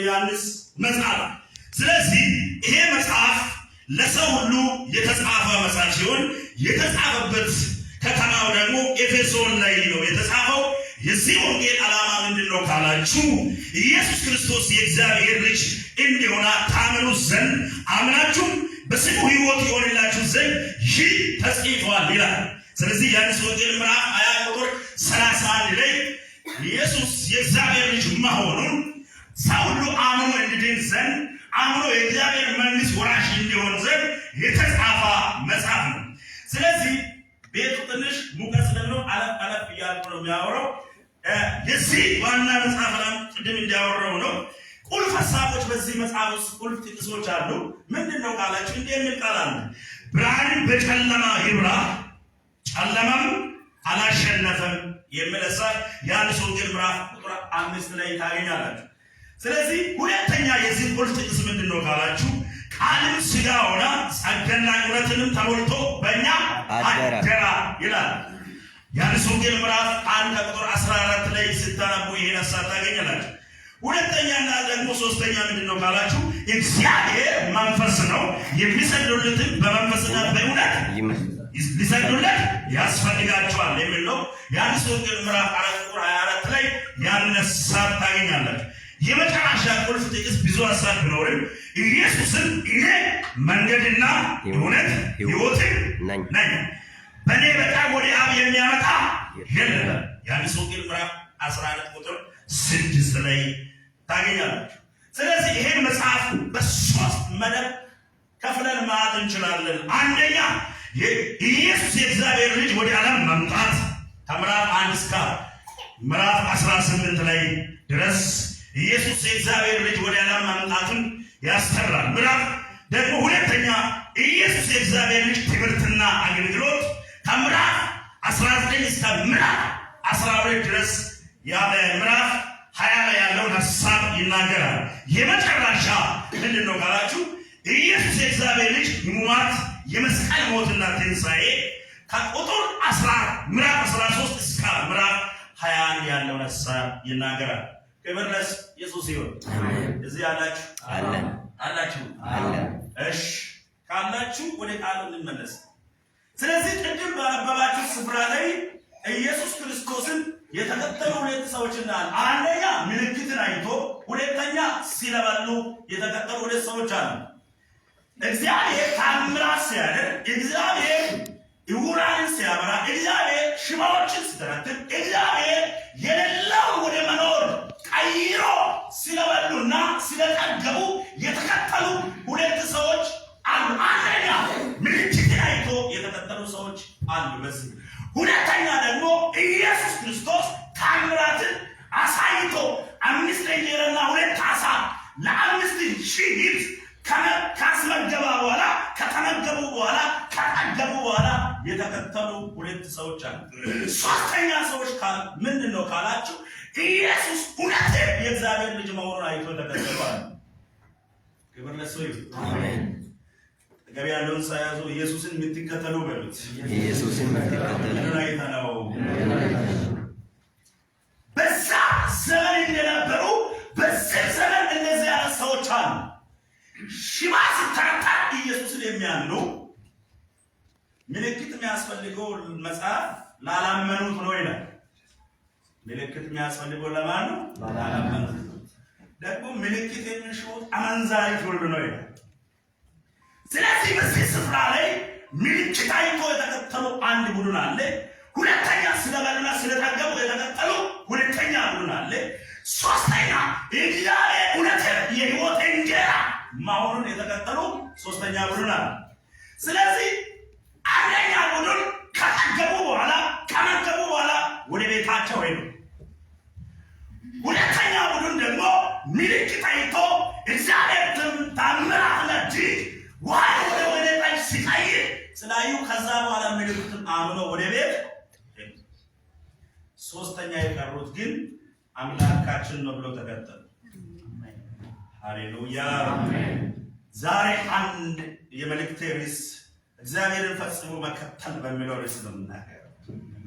ዮሐንስ መጽሐፍ። ስለዚህ ይሄ መጽሐፍ ለሰው ሁሉ የተጻፈ መጽሐፍ ሲሆን የተጻፈበት ከተማው ደግሞ ኤፌሶን ላይ ነው የተጻፈው። የዚህ ወንጌል ዓላማ ምንድን ነው ካላችሁ ኢየሱስ ክርስቶስ የእግዚአብሔር ልጅ እንዲሆና ታምኑ ዘንድ አምናችሁ በስሙ ሕይወት ይሆንላችሁ ዘንድ ይህ ተጽፏል ይላል። ስለዚህ ዮሐንስ ወንጌል ምዕራፍ ሃያ ቁጥር ሰላሳ አንድ ላይ ኢየሱስ የእግዚአብሔር ልጅ መሆኑን ሰው ሁሉ አምኖ እንዲድን ዘንድ አምኖ የእግዚአብሔር መንግስት ወራሽ እንዲሆን ዘንድ የተጻፈ መጽሐፍ ነው። ስለዚህ ቤቱ ትንሽ ሙቀት ስለሆነ አለፍ አለፍ እያልኩ ነው የሚያወራው። የዚህ ዋና መጽሐፍ ላም ቅድም እንዲያወራው ነው። ቁልፍ ሀሳቦች በዚህ መጽሐፍ ውስጥ ቁልፍ ጥቅሶች አሉ። ምንድን ነው ቃላችሁ? እንዲህ የሚል ቃል አለ። ብርሃን በጨለማ ይብራ ጨለማም አላሸነፈም የሚል ሀሳብ የአንድ ሰው ቁጥር ምዕራፍ ቁጥር አምስት ላይ ታገኛላችሁ። ስለዚህ ሁለተኛ የዚህ ፖለቲክስ ምንድን ነው ካላችሁ ቃልም ስጋ ሆና ጸጋና እውነትንም ተሞልቶ በእኛ አደራ ይላል። የዮሐንስ ወንጌል ምዕራፍ አንድ ቁጥር አስራ አራት ላይ ስታነቡ ይሄን ሀሳብ ታገኛላችሁ። ሁለተኛና ደግሞ ሶስተኛ ምንድን ነው ካላችሁ እግዚአብሔር መንፈስ ነው፣ የሚሰግዱለትን በመንፈስና በእውነት ሊሰዱለት ያስፈልጋቸዋል የሚል ነው። የዮሐንስ ወንጌል ምዕራፍ አራት ቁጥር ሀያ አራት ላይ ያነሳብ ታገኛላችሁ። የመጨረሻ ቁልፍ ጥቅስ ብዙ ሀሳብ ቢኖርም ኢየሱስን እኔ መንገድና እውነት ህይወት ነኝ በእኔ በጣም ወደ አብ የሚያመጣ የለም። ዮሐንስ ወንጌል ምዕራፍ 14 ቁጥር ስድስት ላይ ታገኛለች። ስለዚህ ይሄን መጽሐፍ በሶስት መደብ ከፍለን ማየት እንችላለን። አንደኛ ኢየሱስ የእግዚአብሔር ልጅ ወደ ዓለም መምጣት ከምዕራፍ አንድ እስከ ምዕራፍ 18 ላይ ድረስ ኢየሱስ የእግዚአብሔር ልጅ ወደ ዓለም ማምጣቱን ያስተራል። ምዕራፍ ደግሞ ሁለተኛ ኢየሱስ የእግዚአብሔር ልጅ ትምህርትና አገልግሎት ከምዕራፍ 19 እስከ ምዕራፍ 12 ድረስ ያለ ምዕራፍ ሀያ ላይ ያለውን ሀሳብ ይናገራል። የመጨረሻ ምንድን ነው ካላችሁ ኢየሱስ የእግዚአብሔር ልጅ ሕሙማት የመስቀል ሞትና ትንሣኤ ከቁጥር 10 ምዕራፍ 13 እስከ ምዕራፍ ሀያ ያለውን ሀሳብ ይናገራል። ክብር ኢየሱስ ይሁን። እዚህ አላችሁ አላችሁ እሺ ካላችሁ ወደ ቃሉ እንመለስ። ስለዚህ ቅድም ባነበባችሁ ስፍራ ላይ ኢየሱስ ክርስቶስን የተከተሉ ሁለት ሰዎችና አንደኛ ምልክትን አይቶ ሁለተኛ ሲለበሉ የተከተሉ ሁለት ሰዎች አሉ። እግዚአብሔር ታምራት ሲያደርግ፣ እግዚአብሔር ዕውራንን ሲያበራ፣ እግዚአብሔር ሽባዎችን ሲተረትር፣ እግዚአብሔር የሌላው ወደ መኖ ሰዎች አሉ። ሶስተኛ ሰዎች ምንድን ነው ካላችሁ ኢየሱስ ሁለት የእግዚአብሔር ልጅ መሆኑን አይቶ ተቀበሉ አለ። ክብር ለሱ ይሁን። ገቢ ያለውን ሳያዙ ኢየሱስን የምትከተሉ በሉት። በዛ ዘመን እንደነበሩ በዚህ ዘመን እንደዚህ ያለ ሰዎች አሉ። ሽባ ሲታጣ ኢየሱስን የሚያምኑ ምልክት የሚያስፈልገው መጽሐፍ ላላመኑት ነው ይላል። ምልክት የሚያስፈልገው ለማን ነው? ላላመኑት። ደግሞ ምልክት የምንሽሩት አመንዛሪዎች ሁሉ ነው ይላል። ስለዚህ በዚህ ስፍራ ላይ ምልክት አይቶ የተከተሉ አንድ ቡድን አለ። ሁለተኛ ስለበሉና ስለጠገቡ የተከተሉ ሁለተኛ ቡድን አለ። ሶስተኛ እግዚአብሔር እውነት የህይወት እንጀራ መሆኑን የተከተሉ ሶስተኛ ቡድን አለ። ስለዚህ አንደኛ ቡድን ከጠገቡ በኋላ ከመገቡ በኋላ ወደ ቤታቸው ሄዱ። ሁለተኛ ቡድን ደግሞ ምልክ ታይቶ እግዚአብሔር ታምራት ነድ ውሃ ወደ ወደ ጠጅ ሲቀይር ስላዩ ከዛ በኋላ ምልክቱን አምኖ ወደ ቤት ሶስተኛ የቀሩት ግን አምላካችን ነው ብሎ ተከተሉ። ሃሌሉያ! ዛሬ አንድ የመልእክቴ ርዕስ እግዚአብሔርን ፈጽሞ መከተል በሚለው ርዕስ ነው የምናገረው።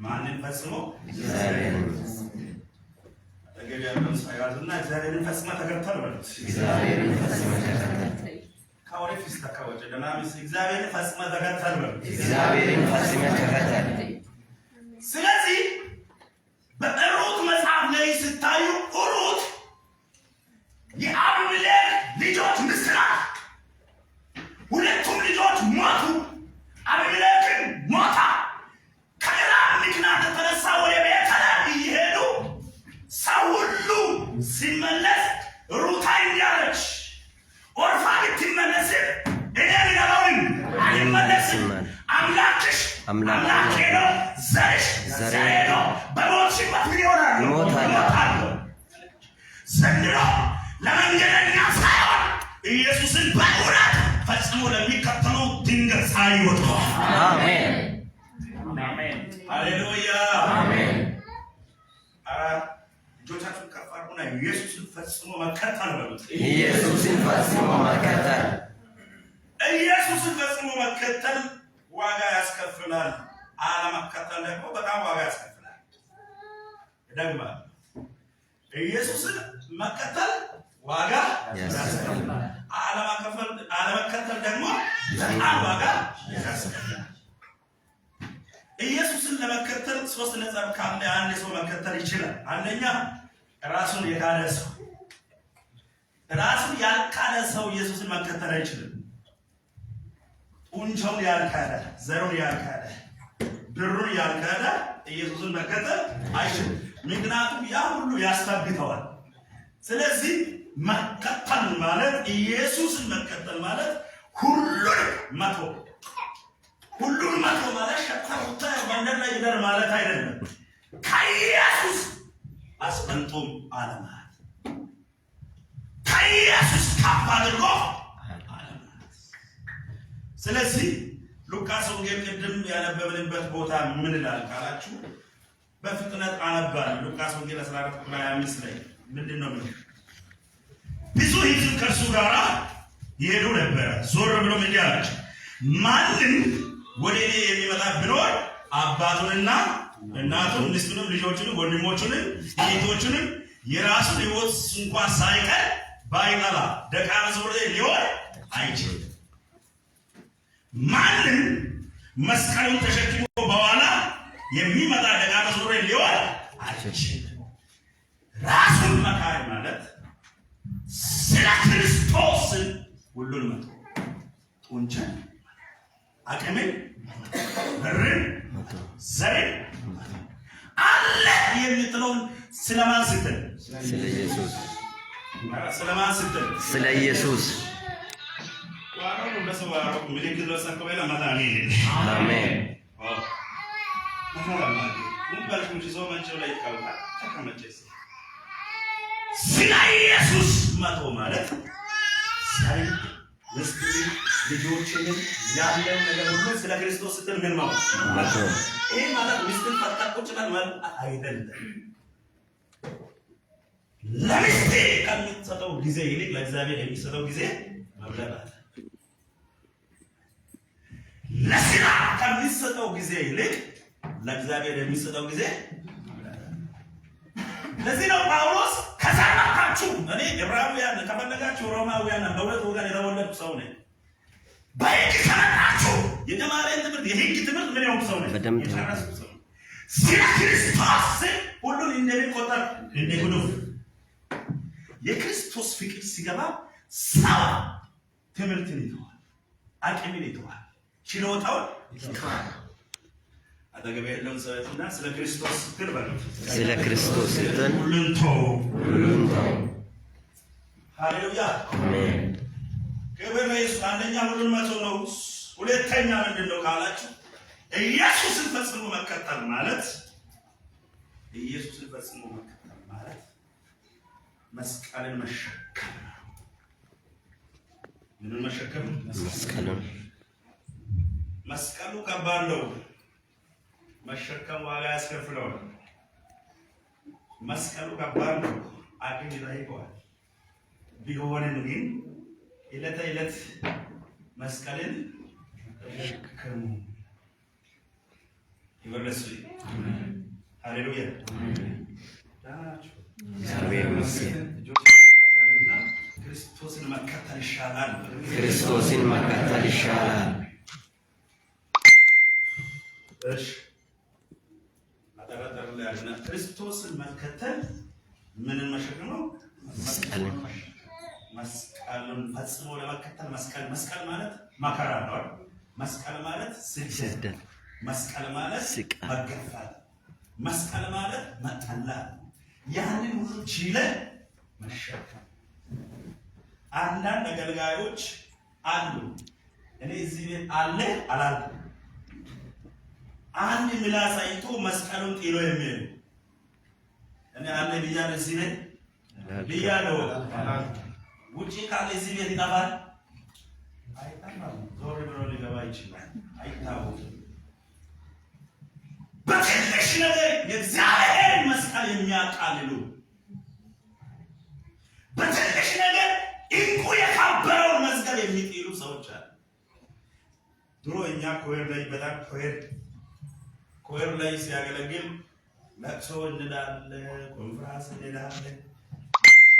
ማንን ፈጽሞ? ገቢያሉና እግዚአብሔርን ፈጽመ ተከተል በሉት። ከወደፊት ስተካወጭ ደናሚስ እግዚአብሔርን ፈጽመ ተከተል በሉት። አምላኬ ነው። ዘርሽ ዘሬ ነው። በሞት ሲመቱ ይሆናሉ፣ ይሞታሉ። ዘንድሮ ለመንገደኛ ሳይሆን ኢየሱስን በእውነት ፈጽሞ ለሚከተሉ ድንገት ፀሐይ ወጥቷል። አሜን ሃሌሉያ። እጆቻችሁን ከፍ አድርጉና ኢየሱስን ፈጽሞ መከተል በሉት። ኢየሱስን ፈጽሞ መከተል ኢየሱስን ፈጽሞ መከተል ዋጋ ያስከፍላል። አለመከተል ደግሞ በጣም ዋጋ ያስከፍላል። ደግማል ኢየሱስን መከተል ዋጋ ያስከፍላል። አለመከተል ደግሞ በጣም ዋጋ ያስከፍላል። ኢየሱስን ለመከተል ሶስት ነጥብ ካለ አንድ ሰው መከተል ይችላል። አንደኛ ራሱን የካደ ሰው፣ ራሱን ያልካደ ሰው ኢየሱስን መከተል አይችልም። ቁንጮውን ያልካለ ዘሩን ያልካለ ብሩን ያልካለ ኢየሱስን መከተል አይችልም። ምክንያቱም ያ ሁሉ ያስታግተዋል። ስለዚህ መከተል ማለት ኢየሱስን መከተል ማለት ሁሉን መቶ ሁሉን መቶ ማለት ሸታውታ መንደር ላይ ይደር ማለት አይደለም። ከኢየሱስ አስቀንጦም አለማት ከኢየሱስ ካፍ አድርጎ ስለዚህ ሉቃስ ወንጌል ቅድም ያነበብንበት ቦታ ምን ይላል ካላችሁ በፍጥነት አነባል። ሉቃስ ወንጌል 14 ቁጥር 25 ላይ ምንድን ነው ምን ብዙ ህዝብ ከእርሱ ጋር ይሄዱ ነበረ። ዞር ብሎ ምን አላቸው፣ ማንም ወደ እኔ የሚመጣ ቢኖር አባቱንና እናቱን ሚስቱንም ልጆቹንም ወንድሞቹንም እህቶቹንም የራሱን ህይወት እንኳ ሳይቀር ባይጠላ ደቀ መዝሙር ሊሆን አይችልም። ማንም መስቀሉን ተሸክሞ በኋላ የሚመጣ ደጋመ ዞሮ ሊሆን አይችልም። ራሱን መካድ ማለት ስለ ክርስቶስን ሁሉን መቶ ጡንቻን፣ አቅምን፣ ብርን፣ ዘርን አለ የሚጥለውን ስለማን ስትል ስለ ኢየሱስ ስለ ኢየሱስ ሰው ስለ ኢየሱስ መቶ ማለት ልጆችንም ያለን ነገር ሁሉ ስለ ክርስቶስ ስትል ምን ማለት ይሄ ማለት ሚስትን ፈታህ ማለት አይደለም። ለሚስቴ ከምትሰጠው ጊዜ ይልቅ ለእግዚአብሔር የሚሰጠው ጊዜ መብለጥ ለስራ ከሚሰጠው ጊዜ ይልቅ ለእግዚአብሔር የሚሰጠው ጊዜ ለዚህ ነው ጳውሎስ ከሰራችሁ እኔ ዕብራውያን ከፈለጋችሁ ሮማውያን በሁለት ወገን የተወለድኩ ሰው ነኝ። ከመጣችሁ ትምህርት ትምህርት ምን የሆንኩ ሰው ነኝ። ስለ ክርስቶስ ሁሉን እንደሚቆጠር እንደ ጉዱፍ የክርስቶስ ፍቅር ሲገባ ሰው ትምህርትን ይተዋል፣ አቅምን ይተዋል። ችሎታውን ይተዋል። አጠገብ ያለውን ሰውና ስለ ክርስቶስ ስትል በሉት፣ ስለ ክርስቶስ ስትል ሁሉን ተው፣ ሁሉን ተው። ሃሌሉያ ክብር ለኢየሱስ። አንደኛ ሁሉን መተው ነው። ሁለተኛ ምንድን ነው ካላችሁ ኢየሱስን ፈጽሞ መከተል ማለት ኢየሱስን ፈጽሞ መከተል ማለት መስቀልን መሸከም ነው። ምንን መሸከም? መስቀልን መስቀሉ ከባድ ነው፣ መሸከም ዋጋ ያስከፍለዋል። መስቀሉ ከባድ ነው፣ አቅም ይጠይቀዋል። ቢሆንም ግን ዕለት ዕለት መስቀልን ተሸከሙ። ይበለስ ሃሌሉያ ክርስቶስን መከተል ይሻላል። ክርስቶስን መከተል ይሻላል። እሺ አጠራጠር ላይ ያለ ክርስቶስን መከተል ምንን መሸከም ነው? መስቀልን ፈጽሞ ለመከተል መስቀል መስቀል ማለት መከራ ነው። መስቀል ማለት ስደት፣ መስቀል ማለት መገፋት፣ መስቀል ማለት መጠላት። ያንን ሁሉ ችለ መሸከም። አንዳንድ አገልጋዮች አሉ እኔ እዚህ ቤት አለ አላለ አንድ ምላስ አይቶ መስቀሉን ጥሎ የሚሄዱ እኔ አለ ብያለሁ። እዚህ ቤት ብያለሁ። ውጭ ካለ እዚህ ቤት ይጠፋል። ዞር ብሎ ሊገባ ይችላል። አይታወቅም። በትንሽ ነገር የእግዚአብሔርን መስቀል የሚያቃልሉ በትንሽ ነገር እንቁ የካበረውን መስቀል የሚጥሉ ሰዎች አሉ። ድሮ እኛ ኮሄድ ላይ በጣም ኮሄድ ኮር ላይ ሲያገለግል ለቅሶ እንሄዳለን፣ ኮንፍራንስ እንሄዳለን።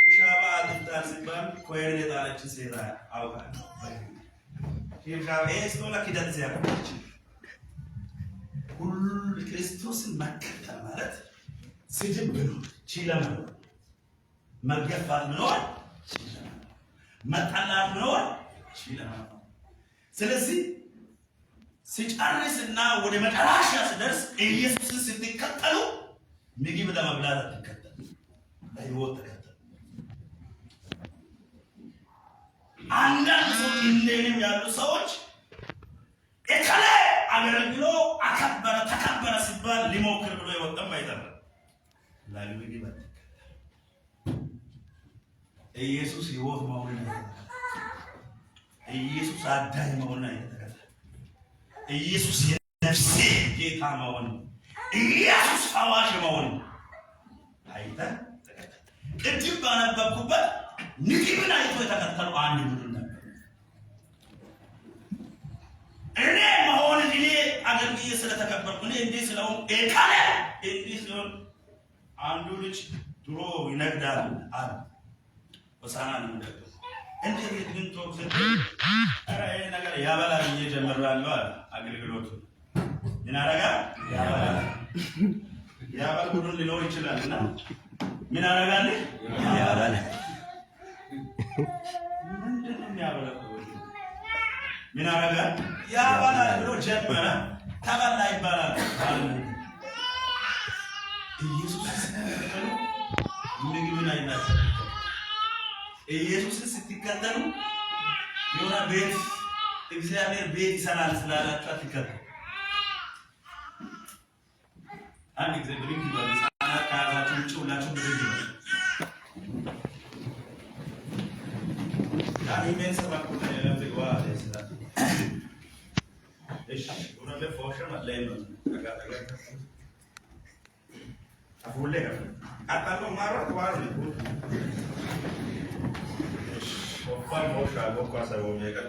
ሽሻ በዓል ይፍጣር ሲባል ኮርን የጣለችን ሴት አውቃለሁ። ሽሻ ስቶ ለኪደት ሲያደች ሁሉ ክርስቶስን መከተል ማለት ስድብ ነው፣ ችላ መገፋት ነው፣ መጠላት ነው፣ ችላ ስለዚህ ሲጨርስና ወደ መጨረሻ ሲደርስ ኢየሱስን ስትከተሉ ምግብ ለመብላት አትከተሉ፣ ለህይወት ተከተሉ። አንዳንድ ሰዎች እንደኔም ያሉ ሰዎች እከሌ አገልግሎ አከበረ ተከበረ ሲባል ሊሞክር ብሎ የወጣም አይጠራም። ለምግብ ኢየሱስ ህይወት መሆኑን ኢየሱስ አዳኝ መሆኑን አይጠራም። ኢየሱስ የነፍሴ ጌታ መሆን፣ ኢየሱስ አዋሽ መሆን አይተን ቅድም ባነበብኩበት ንግብን አይቶ የተከተሉ አንድ ቡድን ነበር። እኔ መሆንን እኔ አገልግዬ ስለተከበርኩ እኔ እንዲህ ስለሆን ካለ እንዲህ ስለሆን አንዱ ልጅ ድሮ ይነግዳል አሉ ሆሳዕና ነው እንዴት ግን ቶክ ስትል ኧረ ይሄ ነገር ያበላል እየጀመራለሁ አለ። አገልግሎቱ ምን አረጋ ያበላል ያበላል ሁሉ ሊኖር ይችላል እና ምን አረጋል ያበላል ምንድን ነው የሚያበላው? ምን አረጋ ያበላል ብሎ ጀመረ። ተበላ ይባላል ኢየሱስ ምግብን አይናገርም ኢየሱስን ስትከተሉ የሆነ ቤት እግዚአብሔር ቤት ይሰራል ስላላችሁ አትከተሉ። አንድ ጊዜ ብሪንግ ይባል ህጻናት ከያዛችሁ ውጭ ሁላችሁ ብሪንግ ይባል ዳሚ ሜን ሰባኩ Pán Božák, okázal vo mne,